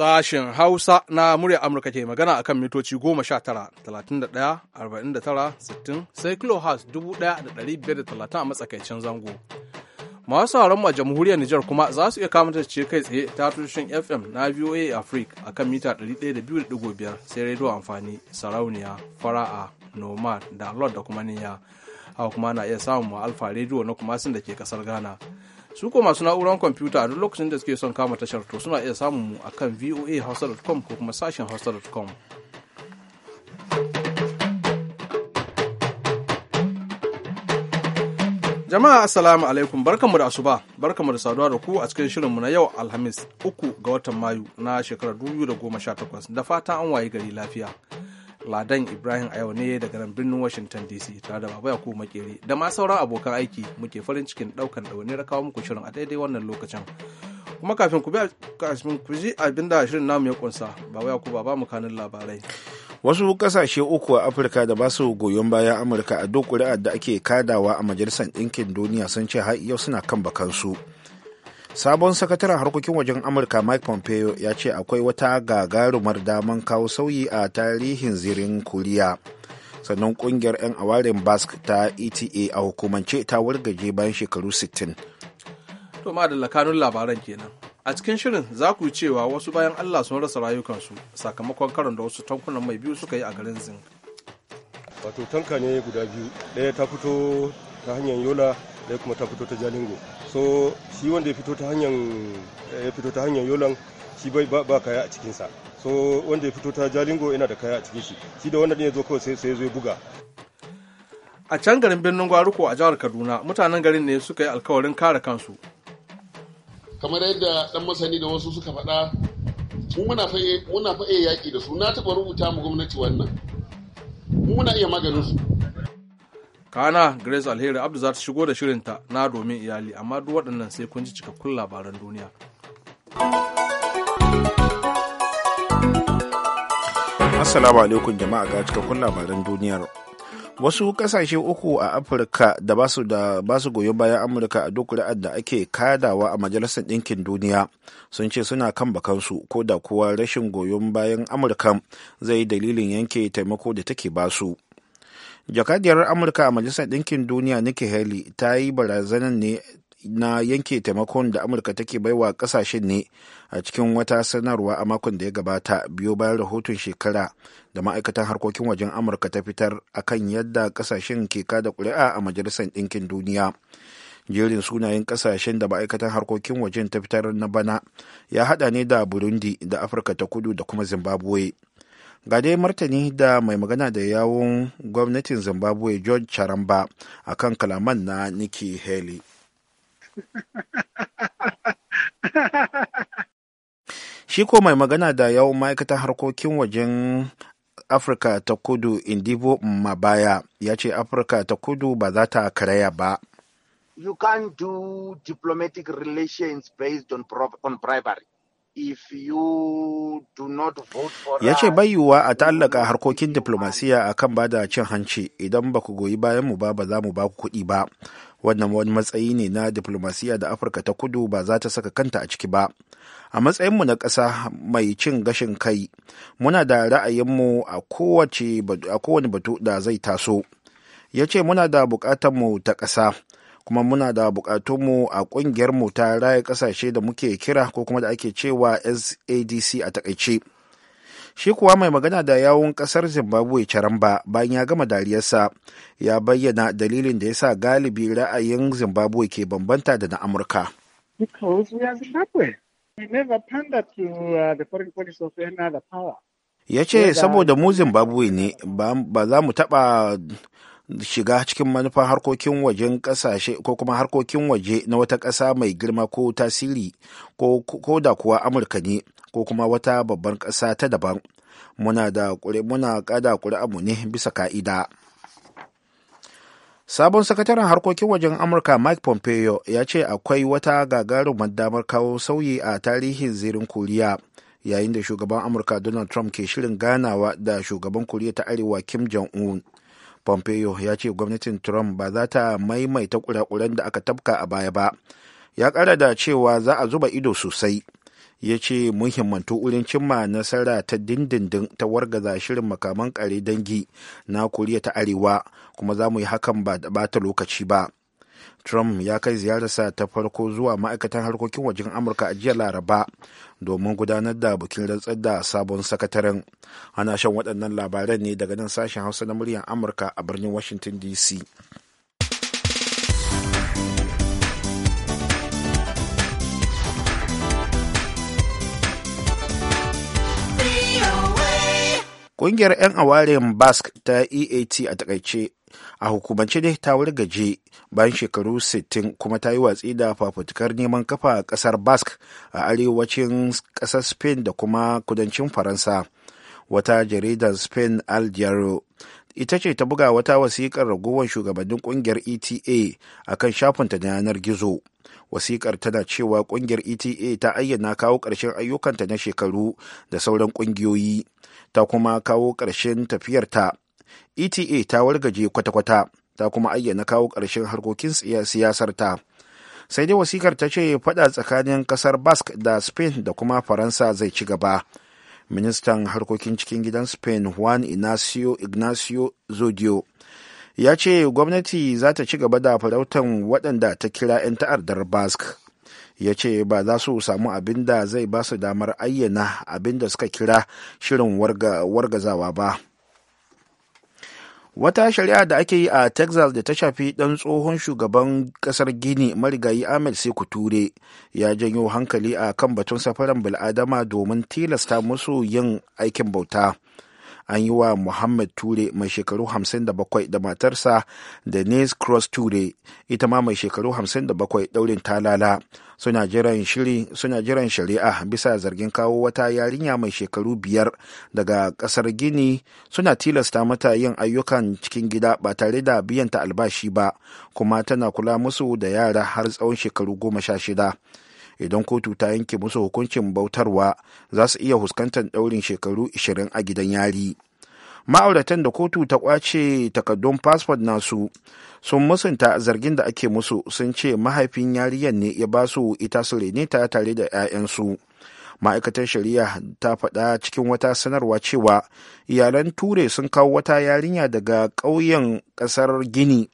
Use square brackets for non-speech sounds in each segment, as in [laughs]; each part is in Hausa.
Sashen Hausa na murya Amurka ke magana akan mitoci 19, 31, 49, 60 sai kilohertz 1,530 a matsakaicin zango. Masu sauran a jamhuriyar Nijar kuma za su iya kamata ce kai tsaye ta tushen FM na VOA Africa akan mita 102.5 sai rediyo amfani sarauniya, fara'a, nomad, da da kuma niya. Haka kuma na iya samun alfa rediyo na sun da ke kasar Ghana. su ko masu na'urar kwamfuta a duk lokacin da suke son kama tashar to suna iya samun mu a akan voahausa.com ko kuma sashen hausa.com jama'a assalamu alaikum barkanmu da asuba barkanmu da saduwa da ku a cikin shirinmu na yau alhamis uku ga watan mayu na shekarar 2018 da fata an waye gari lafiya Ladan Ibrahim a yau ne daga nan birnin Washington DC tare da Baba Yakubu Makeri da ma sauran abokan aiki muke farin cikin daukan ɗauniyar kawo muku shirin a daidai wannan lokacin. Kuma kafin ku ku ji abin da shirin namu ya kunsa Baba Yakubu ba mu kanin labarai. Wasu kasashe uku a Afirka da ba su goyon bayan Amurka a duk ƙuri'ar da ake kadawa a Majalisar Ɗinkin Duniya sun ce har yau suna kan bakansu. su. sabon sakataren harkokin wajen amurka mike pompeo ya ce akwai wata gagarumar daman kawo sauyi a tarihin zirin koriya sannan kungiyar 'yan awarin basque ta eta a hukumance ta wargaje bayan shekaru 60 to ma da labaran kenan a cikin shirin za ku cewa wasu bayan allah sun rasa rayukansu sakamakon karon da wasu tankunan mai biyu suka yi a garin zin wato tanka ne guda biyu ɗaya ta fito ta hanyar yola ɗaya kuma ta fito ta jalingo so shi wanda ya fito ta hanyar eh, ya fito ta hanyar yolan shi bai ba kaya a cikinsa so wanda ya fito ta jalingo yana da kaya a cikin shi shi da wanda ne ya zo kawai sai sai zo ya buga a can garin birnin gwaruko a jihar kaduna mutanen garin ne suka yi alkawarin kare kansu kamar yadda dan masani da wasu suka faɗa mu muna fa muna yaƙi da su na taɓa rubuta mu gwamnati wannan mu muna iya maganin su kana grace alheri abdu za ta shigo da shirinta na domin iyali amma duk waɗannan sai kun ji cikakkun labaran duniya assalamu alaikum jama'a ga cikakkun labaran duniyar wasu kasashe uku a afirka da basu da goyon bayan amurka a duk kuri'ar da ake kadawa a majalisar ɗinkin duniya sun ce suna kan bakansu ko da kuwa rashin goyon bayan amurka zai dalilin yanke taimako da take basu jakadiyar amurka a majalisar ɗinkin duniya nikki haley ta yi barazanar ne na yanke taimakon da amurka take baiwa ƙasashen ne a cikin wata sanarwa a makon da ya gabata biyo bayan rahoton shekara da ma'aikatan harkokin wajen amurka ta fitar akan yadda ƙasashen ke kada ƙuri'a a majalisar ɗinkin duniya jerin sunayen ƙasashen da ma'aikatan harkokin wajen ta fitar na bana ya hada ne da burundi da afirka ta kudu da kuma zimbabwe ga dai martani da mai magana da yawun gwamnatin zimbabwe george charamba a kan kalaman na nikki haley [laughs] shi ko mai magana da yawun ma'aikatan harkokin wajen afirka ta kudu indibo mabaya ya ce afirka ta kudu ba za ta karaya ba you can't do diplomatic relations based on, on bribery ya ce yiwuwa a ta'allaka harkokin diplomasiya a kan ba da cin hanci idan ba ku goyi bayan mu ba ba za mu ba ku kuɗi ba wannan wani matsayi ne na diplomasiya da afirka ta kudu ba za ta saka kanta a ciki ba a matsayinmu na ƙasa mai cin gashin kai muna da ra'ayinmu a kowane batu da zai taso ya ce muna da mu ta ƙasa kuma muna da bukatunmu a mu ta raya ƙasashe da muke kira ko kuma da ake cewa sadc a takaice shi kuwa mai magana da yawon kasar zimbabwe charamba bayan ya gama dariyarsa ya bayyana dalilin da ya sa galibi ra'ayin zimbabwe ke bambanta da na amurka uh, ya ce saboda mu zimbabwe ne ba za mu taɓa shiga cikin manufan harkokin wajen kasashe ko kuma harkokin waje na wata ƙasa mai girma ko tasiri ko da kuwa amurka ne ko kuma wata babban ƙasa ta daban muna da muna kada mu ne bisa ka'ida sabon sakataren harkokin wajen amurka mike pompeo ya ce akwai wata gagarumar damar kawo sauyi a tarihin zirin koriya yayin da shugaban amurka donald trump ke shirin ganawa da shugaban koriya ta arewa kim jong-un pompeo ya ce gwamnatin trump ba za ta maimaita kurakuren da aka tafka a baya ba ya kara da cewa za a zuba ido sosai ya ce muhimman wurin cimma nasara ta dindindin ta wargaza shirin makaman kare dangi na koriya ta arewa kuma za mu yi hakan ba da bata lokaci ba Trump ya kai ziyararsa ta farko zuwa ma'aikatan harkokin wajen Amurka a jiya Laraba domin gudanar da bikin rantsar da sabon sakataren. Ana shan waɗannan labaran ne daga nan sashen Hausa na muryar Amurka a birnin Washington DC. Ƙungiyar 'yan awarin Basque ta EAT a takaice a hukumance ne ta wargaje bayan shekaru 60 kuma ta yi watsi da fafutukar neman kafa a ƙasar basque a arewacin ƙasar spain da kuma kudancin faransa wata jaridar spain al ita ce ta buga wata wasiƙar ragowar shugabannin ƙungiyar eta a kan shafinta na yanar gizo wasiƙar tana cewa ƙungiyar eta ta ayyana kawo ƙarshen ayyukanta na shekaru da sauran ƙungiyoyi ta kuma kawo ƙarshen tafiyarta eta ta wargaje kwata-kwata ta kuma ayyana kawo ƙarshen harkokin siyasarta sai dai wasikar ta ce faɗa tsakanin ƙasar basque da spain da kuma faransa zai ci gaba ministan harkokin cikin gidan spain juan ignacio ignacio zodio ya ce gwamnati za ta ci gaba da farautan waɗanda ta kira 'yan ta'addar basque ya ce ba za su samu abin da zai ba su damar ayyana abin da suka kira shirin wargazawa ba wata shari'a da ake yi a texas da ta shafi ɗan tsohon shugaban ƙasar gini marigayi ahmed sai ture ya janyo hankali a kan batun safaran bil'adama domin tilasta musu yin aikin bauta an yi wa muhammad ture mai shekaru 57 da matarsa denise cross ture ita ma mai shekaru 57 daurin talala suna jiran shiri suna jiran shari'a bisa zargin kawo wata yarinya mai shekaru biyar daga kasar gini suna tilasta mata yin ayyukan cikin gida ba tare da biyanta albashi ba kuma tana kula musu da yara har tsawon shekaru goma sha shida idan kotu ta yanke musu hukuncin bautarwa za su iya fuskantar daurin shekaru 20 a gidan yari ma'auratan da kotu ta kwace takaddun fasfod nasu sun musunta zargin da ake musu sun ce mahaifin yariyan ne ya ba su ita su ta tare da 'ya'yansu ma'aikatar shari'a ta faɗa cikin wata sanarwa cewa iyalan ture sun kawo wata yarinya daga ƙauyen ƙasar gini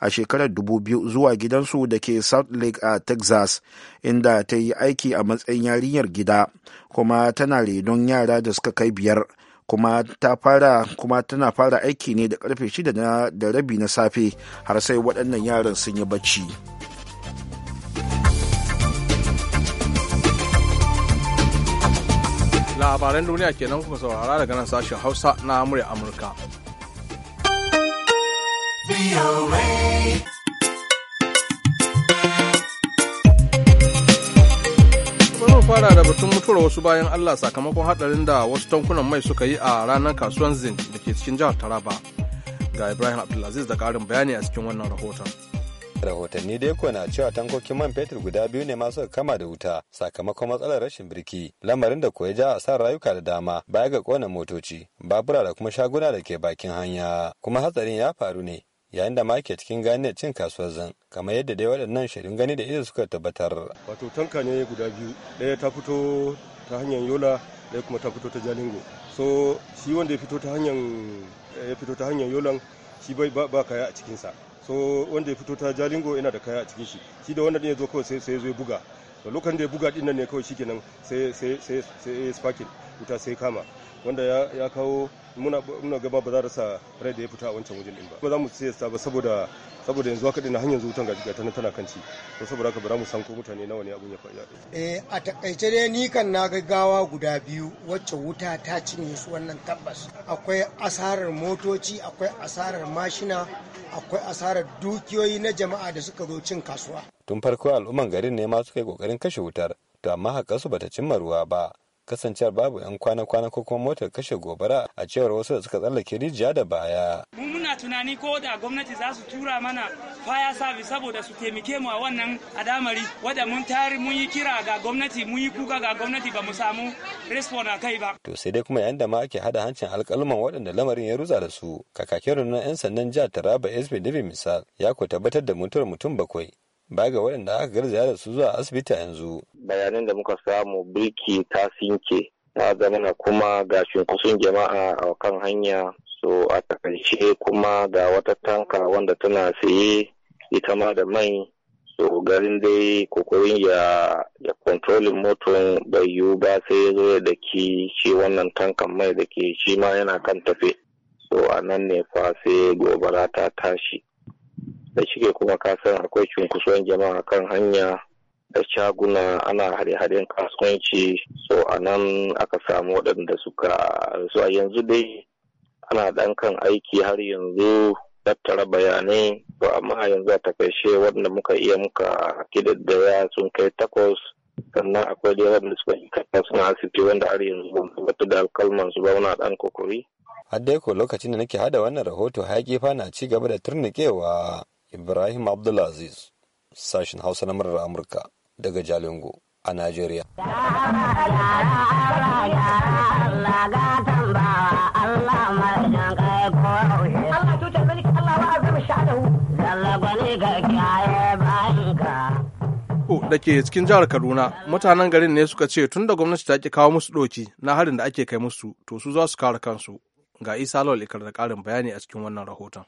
a shekarar 2000 zuwa gidansu da ke south lake a texas inda ta yi aiki a matsayin yarinyar gida kuma tana redon yara da suka kai biyar kuma ta fara kuma tana fara aiki ne da karfe shida da rabi na safe har sai waɗannan yaran sun yi bacci. labaran duniya kenan kuka saurara daga nan sashen hausa na murya amurka Bari fara da batun mutuwar wasu bayan Allah sakamakon hadarin da wasu tankunan mai suka yi a ranar kasuwan Zin da ke cikin jihar Taraba. Ga Ibrahim Abdulaziz da karin bayani a cikin wannan rahoton. rahotanni dai ko na cewa tankokin man fetur guda biyu ne masu kama da wuta sakamakon matsalar rashin birki lamarin da ko ya a san rayuka da dama baya ga kona motoci babura da kuma shaguna da ke bakin hanya kuma hatsarin ya faru ne yayin da ma ke cikin da cin kasuwar zan kamar yadda dai waɗannan shirin gani da ido suka tabbatar wato tanka ne guda biyu ɗaya ta fito ta hanyar yola ɗaya kuma ta fito ta jalingo so shi wanda ya fito ta hanyar ya shi bai ba kaya a cikinsa so wanda ya fito ta jalingo yana da kaya a cikin shi shi da wannan ne ya zo kawai sai zo ya buga da lokacin da ya buga din ne kawai shikenan kenan sai sai sai sparking wuta sai kama wanda ya kawo muna muna gaba ba za rasa rai da ya fita a wancan wajen din ba ba za mu sa ba saboda saboda yanzu haka dinna hanyar zuwa ga ga tana tana kanci to saboda haka ba za mu san ko mutane nawa ne abun ya faɗi eh a takaice dai ni kan na gaggawa guda biyu wacce wuta ta cinye su wannan tabbas akwai asarar motoci akwai asarar mashina akwai asarar dukiyoyi na jama'a da suka zo cin kasuwa tun farko al'umman garin ne ma suka yi kokarin kashe wutar to amma haka su bata cimma ruwa ba kasancewar babu 'yan kwana-kwana ko kuma motar kashe gobara a cewar wasu da suka tsallake rijiya da baya. Mu muna tunani ko da gwamnati za su tura mana fire service saboda su taimake mu a wannan adamari wadda mun tari mun yi kira ga gwamnati mun yi kuka ga gwamnati ba mu samu response a kai ba. To sai dai kuma yayin da ma ake hada hancin alƙaluman waɗanda lamarin ya rutsa da su kakakin rundunar 'yan sandan jihar Taraba SP David Misal ya ko tabbatar da mutuwar mutum bakwai ba ga waɗanda aka garzaya da su zuwa asibiti yanzu. Bayanan da muka samu birki ta sinke ta zamana kuma ga cunkusun jama'a a kan hanya so a takaice kuma ga wata tanka wanda tana saye ita ma da mai so garin dai kokorin ya ya kontrolin moton bai yiwu ba sai zo ya daki shi wannan tankan mai da ke shi ma yana kan tafe so a nan ne fa sai gobara ta tashi da shige kuma kasan akwai cunkusuwan jama'a kan hanya da shaguna ana hare-haren kasuwanci so a nan aka samu waɗanda suka so a yanzu dai ana ɗan kan aiki har yanzu tattara bayanai to amma yanzu a takaice waɗanda muka iya muka kididdaya sun kai takwas sannan akwai dai waɗanda suka yi kasa suna asibiti wanda har yanzu ban da alkalman su ba muna ɗan kokori. Haddai ko lokacin da nake hada wannan rahoto hayaƙi fa na ci gaba da turnikewa. Ibrahim Abdulaziz, sashen Hausa na murar Amurka daga Jalingo a Najeriya. da ke cikin jihar Kaduna mutanen garin ne suka ce tun da gwamnati ta ki kawo musu doki na harin da ake kai musu to su za su kare kansu ga Isa Lawal Ikar da karin bayani a cikin wannan rahoton.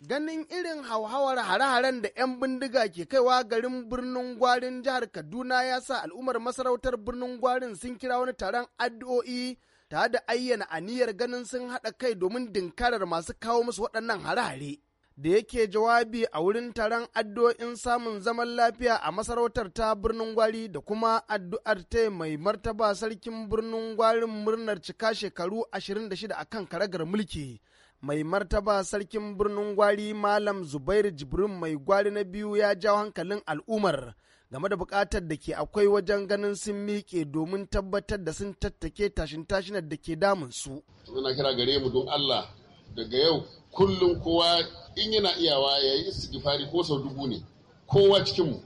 ganin irin hauhawar hare-haren da 'yan bindiga ke kaiwa garin birnin gwarin jihar kaduna ya sa al'ummar masarautar birnin gwarin sun kira wani taron addu'o'i tare da ayyana aniyar ganin sun haɗa kai domin dinkarar masu kawo musu waɗannan hare-hare da yake jawabi a wurin taron addu'o'in samun zaman lafiya a masarautar ta birnin gwari da kuma addu'ar ta mai martaba sarkin birnin gwarin murnar cika shekaru 26 akan karagar mulki mai martaba sarkin birnin gwari malam zubairu jibrin mai gwari na biyu ya jawo hankalin al'ummar game da bukatar da ke akwai wajen ganin sun miƙe domin tabbatar da sun tattake tashin tashinar da ke damun su. Muna kira gare mu don Allah daga yau kullum kowa in yana iyawa ya yi istighfari ko sau dubu ne kowa cikinmu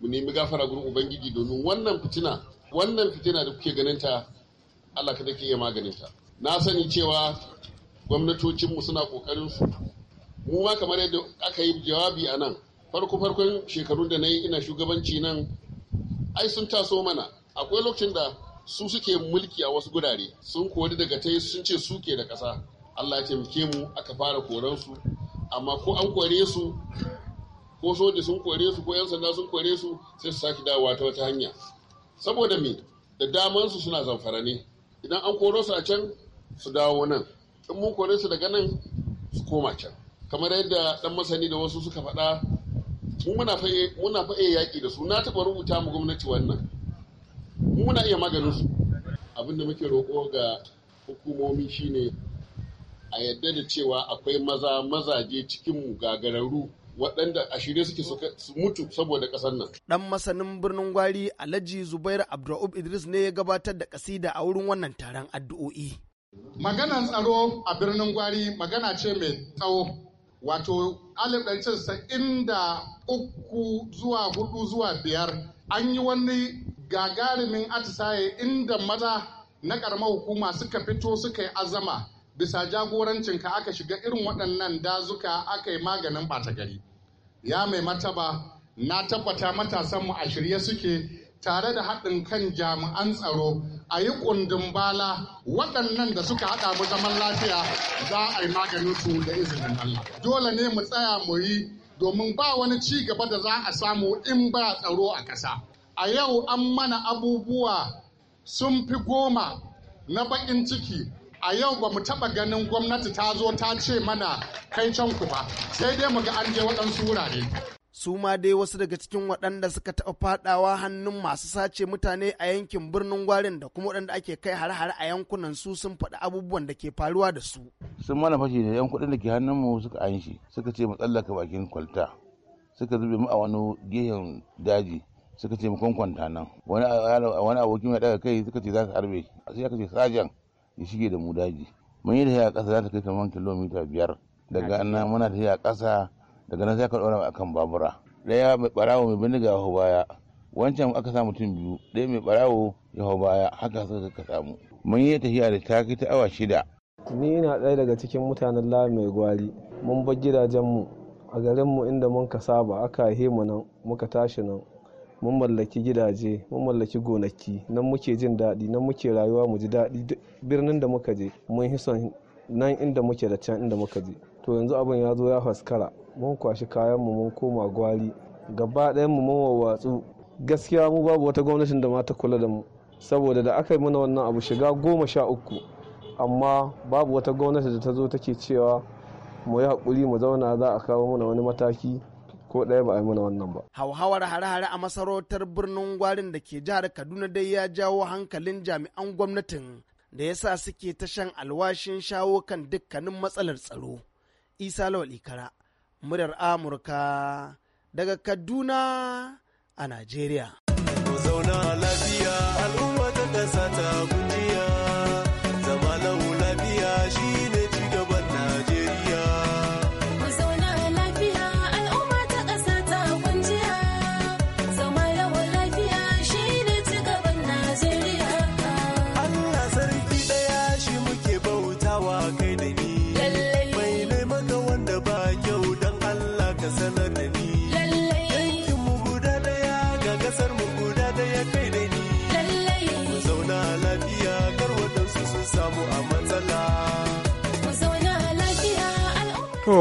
mu nemi gafara gurin ubangiji domin wannan fitina wannan fitina da kuke ganin ta Allah ka take iya maganin ta. Na sani cewa gwamnatocinmu suna kokarin su mu ma kamar yadda aka yi jawabi a nan farko farkon shekarun da na yi ina shugabanci nan ai sun taso mana akwai lokacin da su suke mulki a wasu gurare sun kori daga ta sun ce su ke da ƙasa allah ya taimake mu aka fara koransu amma ko an kore su ko soja sun kore su ko 'yan sanda sun kore su sai su sake dawowa ta wata hanya saboda me da damansu suna zamfara ne idan an koro su a can su dawo nan in mun kore su daga nan su koma can kamar yadda dan masani da wasu suka faɗa muna faye yaƙi da su na taɓa rubuta mu gwamnati wannan mu muna iya maganin su abinda muke roƙo ga hukumomi shine a yadda da cewa akwai maza mazaje cikin mu gagararru waɗanda a shirye suke su mutu saboda ƙasar nan. Ɗan masanin birnin gwari Alhaji Zubair Abdur'ub Idris ne ya gabatar da ƙasida a wurin wannan taron addu'o'i. Maganan tsaro a birnin Gwari magana ce mai tsawo. Wato alif ɗari da uku zuwa hudu zuwa biyar an yi wani gagarumin atisaye inda maza na ƙaramar hukuma suka fito suka yi azama bisa jagorancin ka aka shiga irin waɗannan dazuka aka yi maganin ɓata gari. Ya mai mataba na tabbata matasanmu a shirye suke tare da haɗin kan jami'an tsaro a yi kundin bala waɗannan da suka haɗa mu zaman lafiya za a yi maganin su da izinin Allah. Dole ne mu tsaya mu yi domin ba wani ci gaba da za a samu in ba tsaro a ƙasa. A yau an mana abubuwa sun fi goma na baƙin ciki a yau ba mu taɓa ganin gwamnati ta zo ta ce mana kai can ku ba sai dai mu ga an je waɗansu wurare. su ma dai wasu daga cikin waɗanda suka taɓa faɗawa hannun masu sace mutane a yankin birnin gwarin da kuma waɗanda ake kai har har a yankunan su sun faɗi abubuwan da ke faruwa da su. sun mana fashi da yan kuɗin da ke hannun mu suka an shi suka ce mu tsallaka bakin kwalta suka zube mu a wani gehen daji suka ce mu kwankwanta nan wani abokin ya daga kai suka ce za ka harbe shi sai aka ce sajan ya shige da mu daji mun yi da a ƙasa za ta kai kamar kilomita biyar daga nan muna tafiya ƙasa daga nan sai ka ɗora akan babura ɗaya mai barawo mai bindiga ya baya wancan aka samu mutum biyu ɗaya mai barawo ya baya haka suka ka samu mun yi tafiya da ta ta awa shida ni ina ɗaya daga cikin mutanen la mai gwari mun bar gidajenmu a garinmu inda mun ka saba aka haihe mu nan muka tashi nan mun mallaki gidaje mun mallaki gonaki nan muke jin daɗi nan muke rayuwa mu ji daɗi birnin da muka je mun hison nan inda muke da can inda muka je to yanzu abin ya zo ya faskara mun kwashi kayan mu mun koma gwari gaba ɗayan mu mun wawatsu gaskiya mu babu wata gwamnatin da ma ta kula da mu saboda da aka yi mana wannan abu shiga goma sha uku amma babu wata gwamnati da ta zo take cewa mu yi haƙuri mu zauna za a kawo mana wani mataki ko ɗaya ba a yi mana wannan ba. Hauhawar hare-hare a masarautar birnin gwarin da ke jihar Kaduna dai ya jawo hankalin jami'an gwamnatin da ya sa suke ta shan alwashin shawo kan dukkanin matsalar tsaro. Isa Lawal Ikara, muryar Amurka daga Kaduna a Najeriya. Ku zauna lafiya al'umma ta ƙasa ta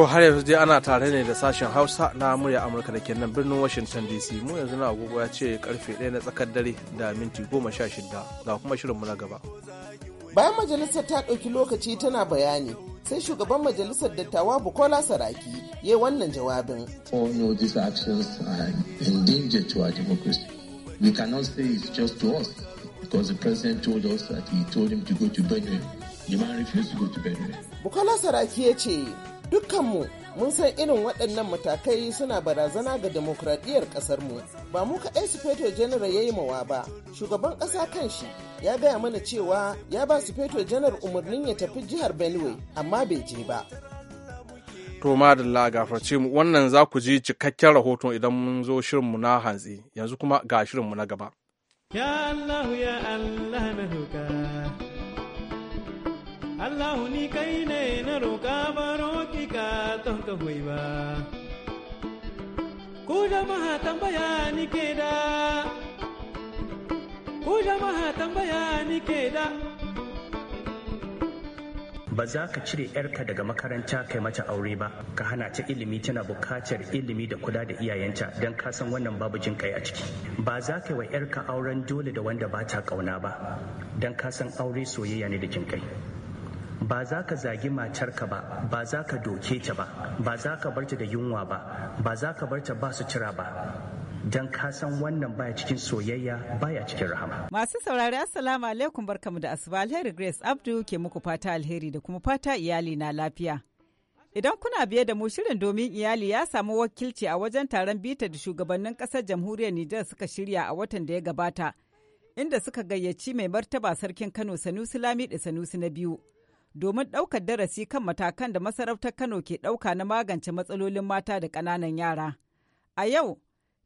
To har yanzu dai ana tare ne da sashen Hausa na murya Amurka da kenan birnin Washington DC. Mu yanzu na agogo ya ce karfe ɗaya na tsakar dare da minti goma sha shida ga kuma shirin shirinmu na gaba. Bayan majalisar ta ɗauki lokaci tana bayani sai shugaban majalisar dattawa Bukola Saraki ya yi wannan jawabin. All know these actions are in danger to our democracy. We cannot say it's just to us because the president told us that he told him to go to Benue. The man refused to go to Benue. Bukola Saraki ya ce Dukkanmu mun san irin waɗannan matakai suna barazana ga demokradiyyar ƙasarmu. Ba mu kaɗai su Sufeto Janar ya yi mawa ba, shugaban ƙasa kan shi ya gaya mana cewa ya ba Sufeto Janar umarnin ya tafi jihar Benue, amma bai je ba. To madalla gafarce mu wannan za ku ji cikakken rahoton idan mun zo shirinmu na hantsi, yanzu kuma ga shirinmu na gaba. Ya Allah ya Allah na Allah ni ne na roƙa baro ki ka ka ba. Ku jama'a tambaya ke da, ku jama'a tambaya ke da. Ba za ka cire 'yarka daga makaranta kai mata aure ba, ka hana ta ilimi tana bukatar ilimi da kula da iyayenta don ka san wannan babu jin kai a ciki. Ba za ka yi wa 'yarka auren dole da wanda ba ta ƙauna ba, don ka san aure soyayya ne da jin kai. ba za ka zagi matarka ba ba za ka doke ta ba ba za ka barta da yunwa ba ba za ka barta ba su cira ba don ka san wannan baya cikin soyayya baya cikin rahama. Masu saurari assalamu alaikum barkamu da asuba alheri Grace Abdu ke muku fata alheri da kuma fata iyali na lafiya. Idan kuna biye da mu shirin domin iyali ya samu wakilci a wajen taron bita da shugabannin ƙasar jamhuriyar Nijar suka shirya a watan da ya gabata, inda suka gayyaci mai martaba sarkin Kano Sanusi Lami da Sanusi na biyu. domin ɗaukar darasi kan matakan da masarautar Kano ke ɗauka na magance matsalolin mata da ƙananan yara. A yau,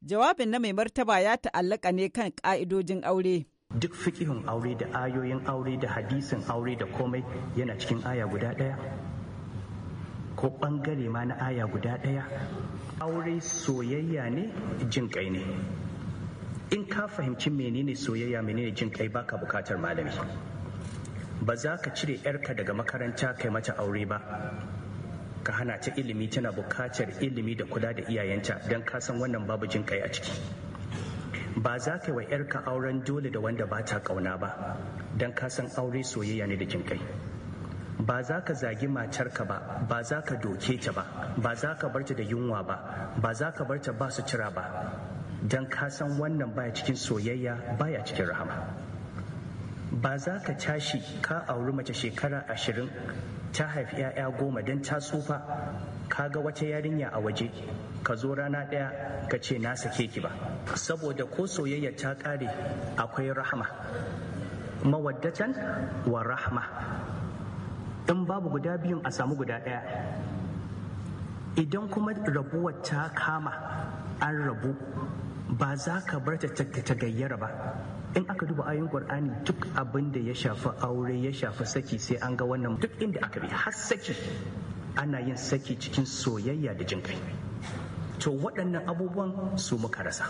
jawabin na mai martaba ya ta'allaka ne kan ƙa'idojin aure. Duk fikihun aure da ayoyin aure da hadisin aure da komai yana cikin aya guda ɗaya, ko ɓangare ma na aya guda ɗaya. Aure soyayya ne jin ƙai ne. In ka fahimci menene soyayya menene jin ƙai baka bukatar malami. ba za ka cire 'yarka daga makaranta kai mata aure ba ka hana ta ilimi tana bukatar ilimi da kula da iyayenta don ka san wannan babu jin kai a ciki ba za ka wa 'yarka auren dole da wanda ba ta kauna ba don ka san aure soyayya ne da jin kai ba za ka zagi matarka ba ba za ka doke ta ba ba za ka barta da yunwa ba ba za ka barta ba su cira ba don ka san wannan baya cikin soyayya baya cikin rahama ba za ka tashi ka auri mace shekara ashirin ta haifi 'ya'ya goma don ta tsufa ka ga wata yarinya a waje ka zo rana ɗaya ka ce na sake ki ba saboda ko soyayya ta ƙare akwai rahama mawaddatan wa rahama in babu guda biyun a samu guda ɗaya idan kuma rabuwar ta kama an rabu ba za ka bar ta gayyara ba in aka duba ayin qur'ani duk abin da ya shafi aure ya shafi saki sai an ga wannan duk inda aka bi har saki ana yin saki cikin soyayya da jin kai to waɗannan abubuwan su muka rasa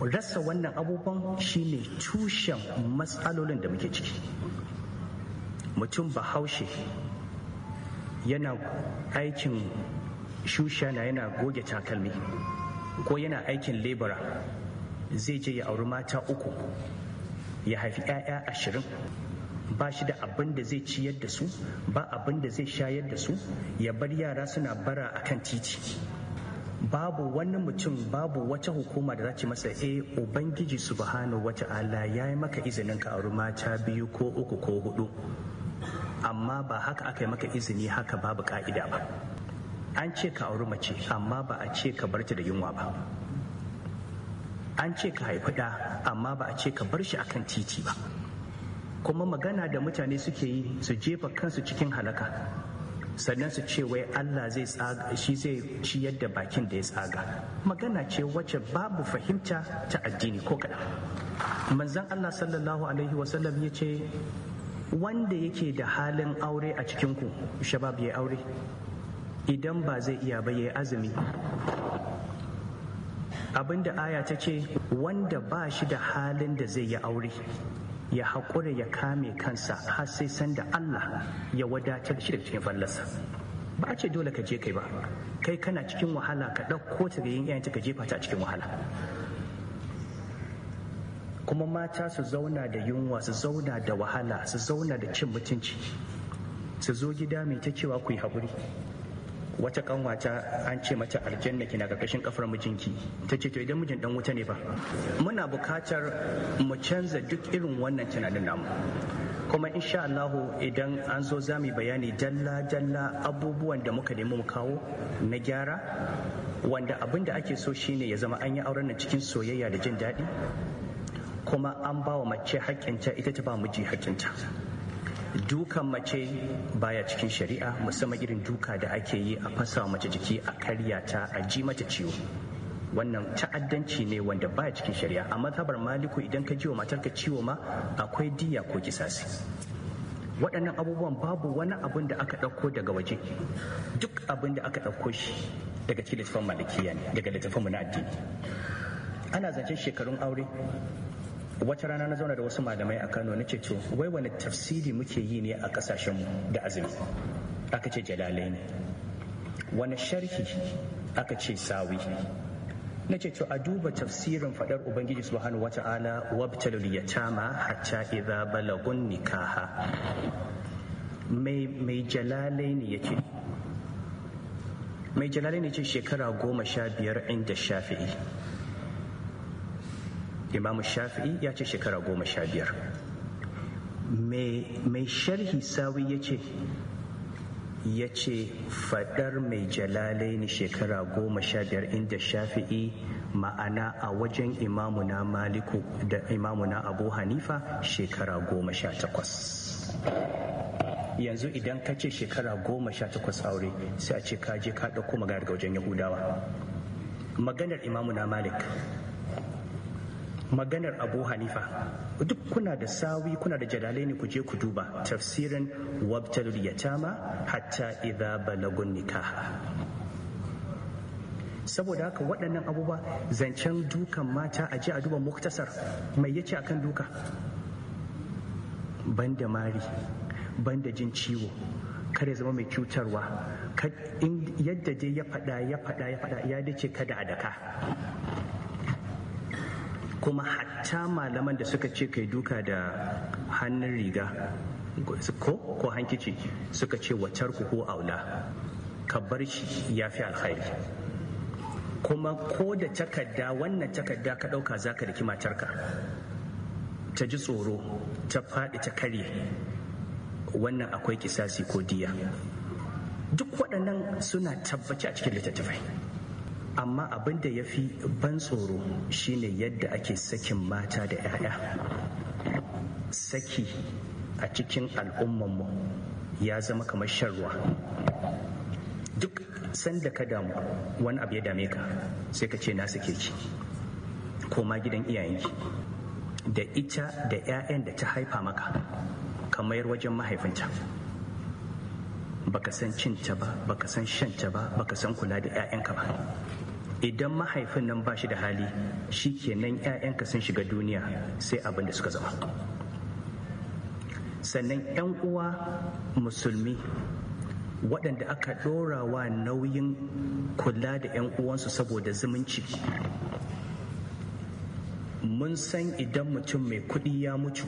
rasa wannan abubuwan shine tushen matsalolin da muke ciki mutum bahaushe yana aikin shushana yana goge takalmi ko yana aikin lebura zai je ya auri mata uku ya haifi 'ya'ya ashirin ba shi da abin da zai ciyar da su ba abin da zai shayar da su ya bar yara suna bara a kan titi babu wani mutum babu wata hukuma da za ci masa e ubangiji subhanahu Wata'ala ala ya yi maka izinin ka auri mata biyu ko uku ko hudu amma ba haka aka yi maka izini haka babu ka'ida ba an ce ka auri mace amma ba a ce ka bar ta da yunwa ba an ce ka haifi ɗa amma ba a ce ka bar shi akan titi ba kuma magana da mutane suke yi su jefa kansu cikin halaka sannan su ce wai Allah zai tsaga shi zai ciyar da bakin da ya tsaga magana ce wacce babu fahimta ta addini ko kaɗan manzan Allah sallallahu alaihi wasallam ya ce wanda yake da halin aure a cikinku shabab ya aure idan ba zai iya ba ya azumi abinda aya ta ce wanda ba shi da halin da zai yi aure ya haƙura ya kame kansa har sai sanda Allah ya wadatar shi da cikin fallasa ba ce dole ka je kai ba kai kana cikin wahala ka ɗauko ta ga yin yayin ka jefa ta a cikin wahala kuma mata su zauna da yunwa su zauna da wahala su zauna da cin mutunci su zo gida mai ta cewa ku yi haƙuri wata kanwata an ce mata aljanna na karkashin kafar mijinki ta ce to idan mijin dan wuta ne ba muna bukatar mu canza duk irin wannan tunanin namu kuma insha Allah idan an zo za bayani dalla-dalla abubuwan da muka nemi mu kawo na gyara wanda abin da ake so shine ya zama an yi auren nan cikin soyayya da jin daɗi kuma an ba wa mace haƙƙinta ita ta ba miji haƙƙinta dukan mace baya cikin shari'a musamman irin duka da ake yi a fasa mace jiki a karya ta a ji mata ciwo wannan ta'addanci ne wanda baya cikin shari'a a mazhabar maliku idan ka jiwa ka ciwo ma akwai diya ko kisasi waɗannan abubuwan babu wani abun da aka ɗauko daga waje duk abin da aka ɗauko shi daga cikin littafin malikiya ne daga littafin mu na addini ana zancen shekarun aure wata rana na zauna da wasu malamai a Kano na to wai wani tafsiri muke yi ne a kasashen da azumi aka ce jalalai ne wani sharhi aka ce sawi na ce to a duba tafsirin fadar ubangiji subhanahu wa wabtalul yatama hatta idza balagun nikaha mai mai jalalai ne yake mai jalalai ne ce shekara goma sha biyar inda shafi'i imamu shafi'i ya ce shekara goma sha biyar mai sharhi sawi ya ce ya ce fadar mai jalalai ne shekara goma sha biyar inda shafi'i ma'ana a wajen imamuna maliku da imamuna abu hanifa shekara goma sha takwas yanzu idan ka ce shekara goma sha takwas aure sai a ce kaje ka ɗauko magana daga wajen yahudawa maganar imamuna malik maganar abu hanifa duk kuna da sawi kuna da jadalai ne ku je ku duba tafsirin wabtalul yatama hatta idza balagun nikah saboda haka waɗannan abubuwa zancen dukan mata a je a duba muktasar mai yace akan duka banda mari banda jin ciwo kare zama mai cutarwa yadda dai ya faɗa ya faɗa ya faɗa ya dace kada a daka kuma hatta malaman da suka ce kai duka da hannun riga ko ko hankici suka ce wacar ku aula ka bar shi ya fi alkhairi kuma ko da takarda wannan takarda ka ɗauka za ka riki matarka ta ji tsoro ta faɗi ta karye wannan akwai kisasi ko diya duk waɗannan suna tabbaci a cikin littattafai amma abin da ya fi ban tsoro shine yadda ake sakin mata da 'ya'ya saki a cikin al'ummanmu ya zama kamar shan ruwa duk sanda ka damu wani abu ya dame ka sai ka ce na sake ki ko ma gidan iyayenki da ita da 'ya'yan da ta haifa maka kamar wajen mahaifinta baka san cinta ba baka san shanta ba baka san kula da 'ya'yanka ba idan mahaifin nan ba shi da hali shi kenan 'ya'yanka sun shiga duniya sai abin da suka zama sannan 'yan uwa musulmi waɗanda aka ɗora wa nauyin kula da 'yan uwansu saboda zumunci mun san idan mutum mai kuɗi ya mutu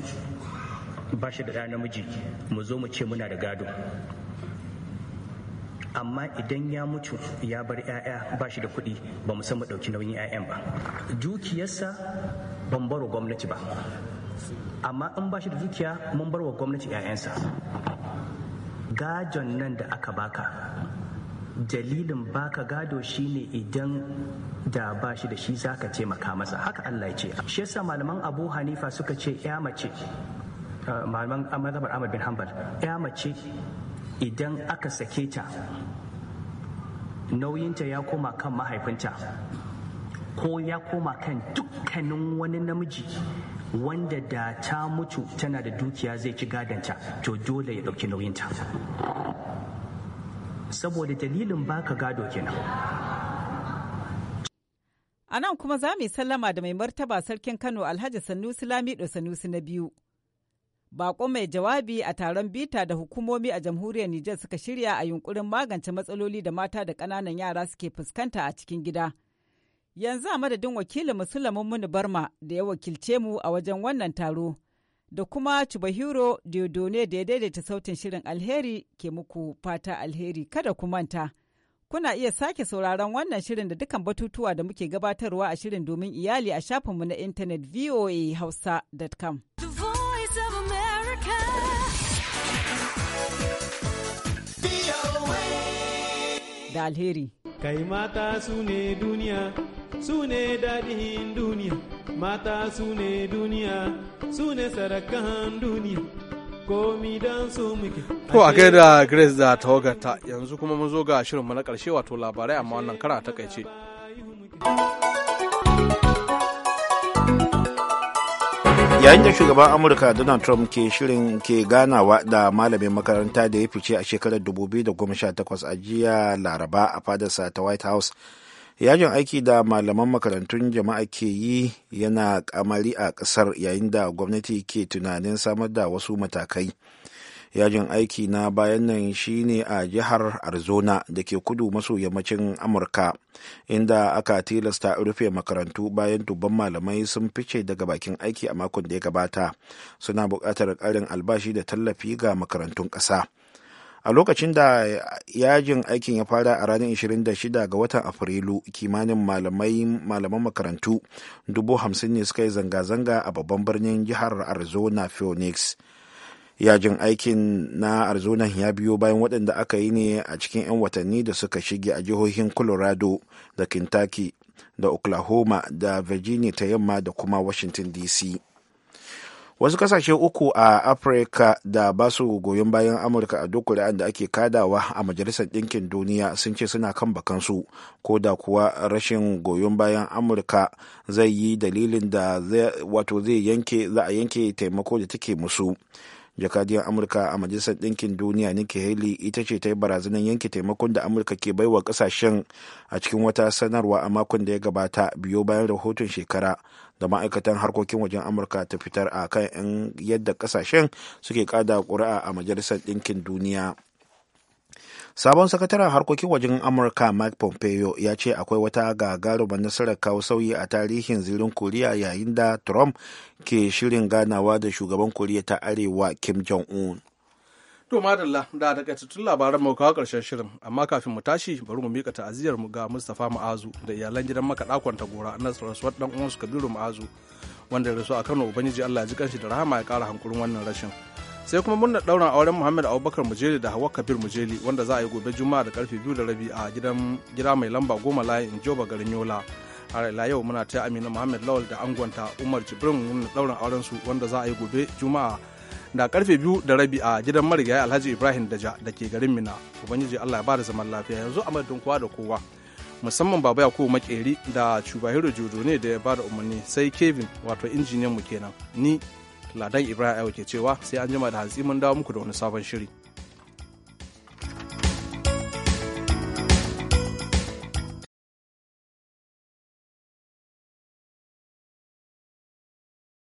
ba shi da namiji mu zo mu ce muna da gado amma idan ya mutu ya bar 'ya'ya ba shi da kuɗi ba mu san mu ɗauki nauyin 'ya'yan ba dukiyarsa ban baro gwamnati ba amma in ba shi da dukiya mun bar wa gwamnati 'ya'yansa gajon nan da aka baka dalilin baka gado shine idan da ba shi da shi zaka taimaka masa haka Allah ya ce shi yasa malaman Abu Hanifa suka ce ya mace uh, malaman Ahmad bin Hanbal ya mace idan aka sake ta nauyinta ya koma kan mahaifinta ko ya koma kan dukkanin wani namiji wanda da ta mutu tana da dukiya zai ci gadanta to dole ya ɗauki nauyinta saboda dalilin baka gado kenan a nan kuma za mu yi sallama da mai martaba sarkin kano alhaji sanusi da sanusi na biyu bako mai jawabi a taron bita da hukumomi a jamhuriyar Nijar suka shirya a yunkurin magance matsaloli da mata da ƙananan yara suke fuskanta a cikin gida. Yanzu a madadin wakilin Musulmin Muni Barma da ya wakilce mu a wajen wannan taro da kuma Chubahiro Diodone da ya daidaita sautin shirin alheri ke muku fata alheri kada ku manta. Kuna iya sake sauraron wannan shirin da dukan batutuwa da muke gabatarwa a shirin domin iyali a shafinmu na intanet voahausa.com. da alheri. Kai mata su ne duniya, su ne daɗin duniya, mata su ne duniya, su ne sarakan duniya. To a da Grace da tawagata yanzu kuma mun zo ga shirinmu na karshe wato labarai amma wannan kara a takaice. yayin da shugaban amurka donald trump ke shirin ke ganawa da malamin makaranta da ya fice a shekarar 2018 a jiya laraba a fadarsa ta white house yajin aiki da malaman makarantun jama'a ke yi yana kamari a kasar yayin da gwamnati ke tunanin samar da wasu matakai yajin aiki na bayan nan shine a jihar arizona da ke kudu maso yammacin amurka inda aka tilasta rufe makarantu bayan dubban malamai sun fice daga bakin aiki a makon da ya gabata suna buƙatar ƙarin albashi da tallafi ga makarantun ƙasa a lokacin da yajin aikin ya fara a ranar 26 ga watan afrilu kimanin malaman makarantu dubu ne suka yi zanga-zanga a babban birnin jihar arizona phoenix yajin aikin na arizona ya biyo bayan waɗanda aka yi ne a cikin 'yan watanni da suka shige a jihohin colorado da kentucky da oklahoma da virginia ta yamma da kuma washington dc wasu kasashe uku a afirka da ba su goyon bayan amurka a duk kuri'an da ake kadawa a majalisar ɗinkin duniya sun ce suna kan bakansu ko da kuwa rashin goyon bayan amurka zai yi dalilin da wato zai yanke za a yanke taimako da take musu jakadiyar amurka a majalisar ɗinkin duniya nikki haley ita ce ta yi barazanar yanke taimakon da amurka ke baiwa ƙasashen a cikin wata sanarwa a makon da ya gabata biyo bayan rahoton shekara da ma'aikatan harkokin wajen amurka ta fitar a kan yadda ƙasashen suke kada ƙuri'a a majalisar ɗinkin duniya sabon sakataren harkokin wajen amurka mike pompeo ya ce akwai wata gagarumar nasarar kawo sauyi a tarihin zirin koriya yayin da trump ke shirin ganawa da shugaban koriya ta arewa kim jong-un to madalla da daga tattun labaran mu kawo karshen shirin amma kafin mu tashi bari mu mika ta'aziyar mu ga mustapha ma'azu da iyalan gidan dakon ta gora na rasuwar dan uwansu kabiru ma'azu wanda ya rasu a kano ubangiji allah ya ji kanshi da rahama ya kara hankulin wannan rashin sai kuma murnar ɗaurin auren muhammad abubakar mujeli da hawa kabir mujeli wanda za a yi gobe juma'a da karfe biyu da rabi a gidan gida mai lamba goma layin joba garin yola har ila yau muna ta amina muhammad lawal da angonta umar jibrin murnar ɗaurin auren su wanda za a yi gobe juma'a da karfe biyu da rabi a gidan marigayi alhaji ibrahim daja da ke garin mina ubangiji allah ya bada zaman lafiya yanzu a madadin kowa da kowa musamman baba yakubu makeri da cubahiro jojo ne da ya bada umarni sai kevin wato injiniyan mu kenan ni Ladan Ibrahim ke cewa sai an jima da hantsi mun dawo muku da wani sabon shiri.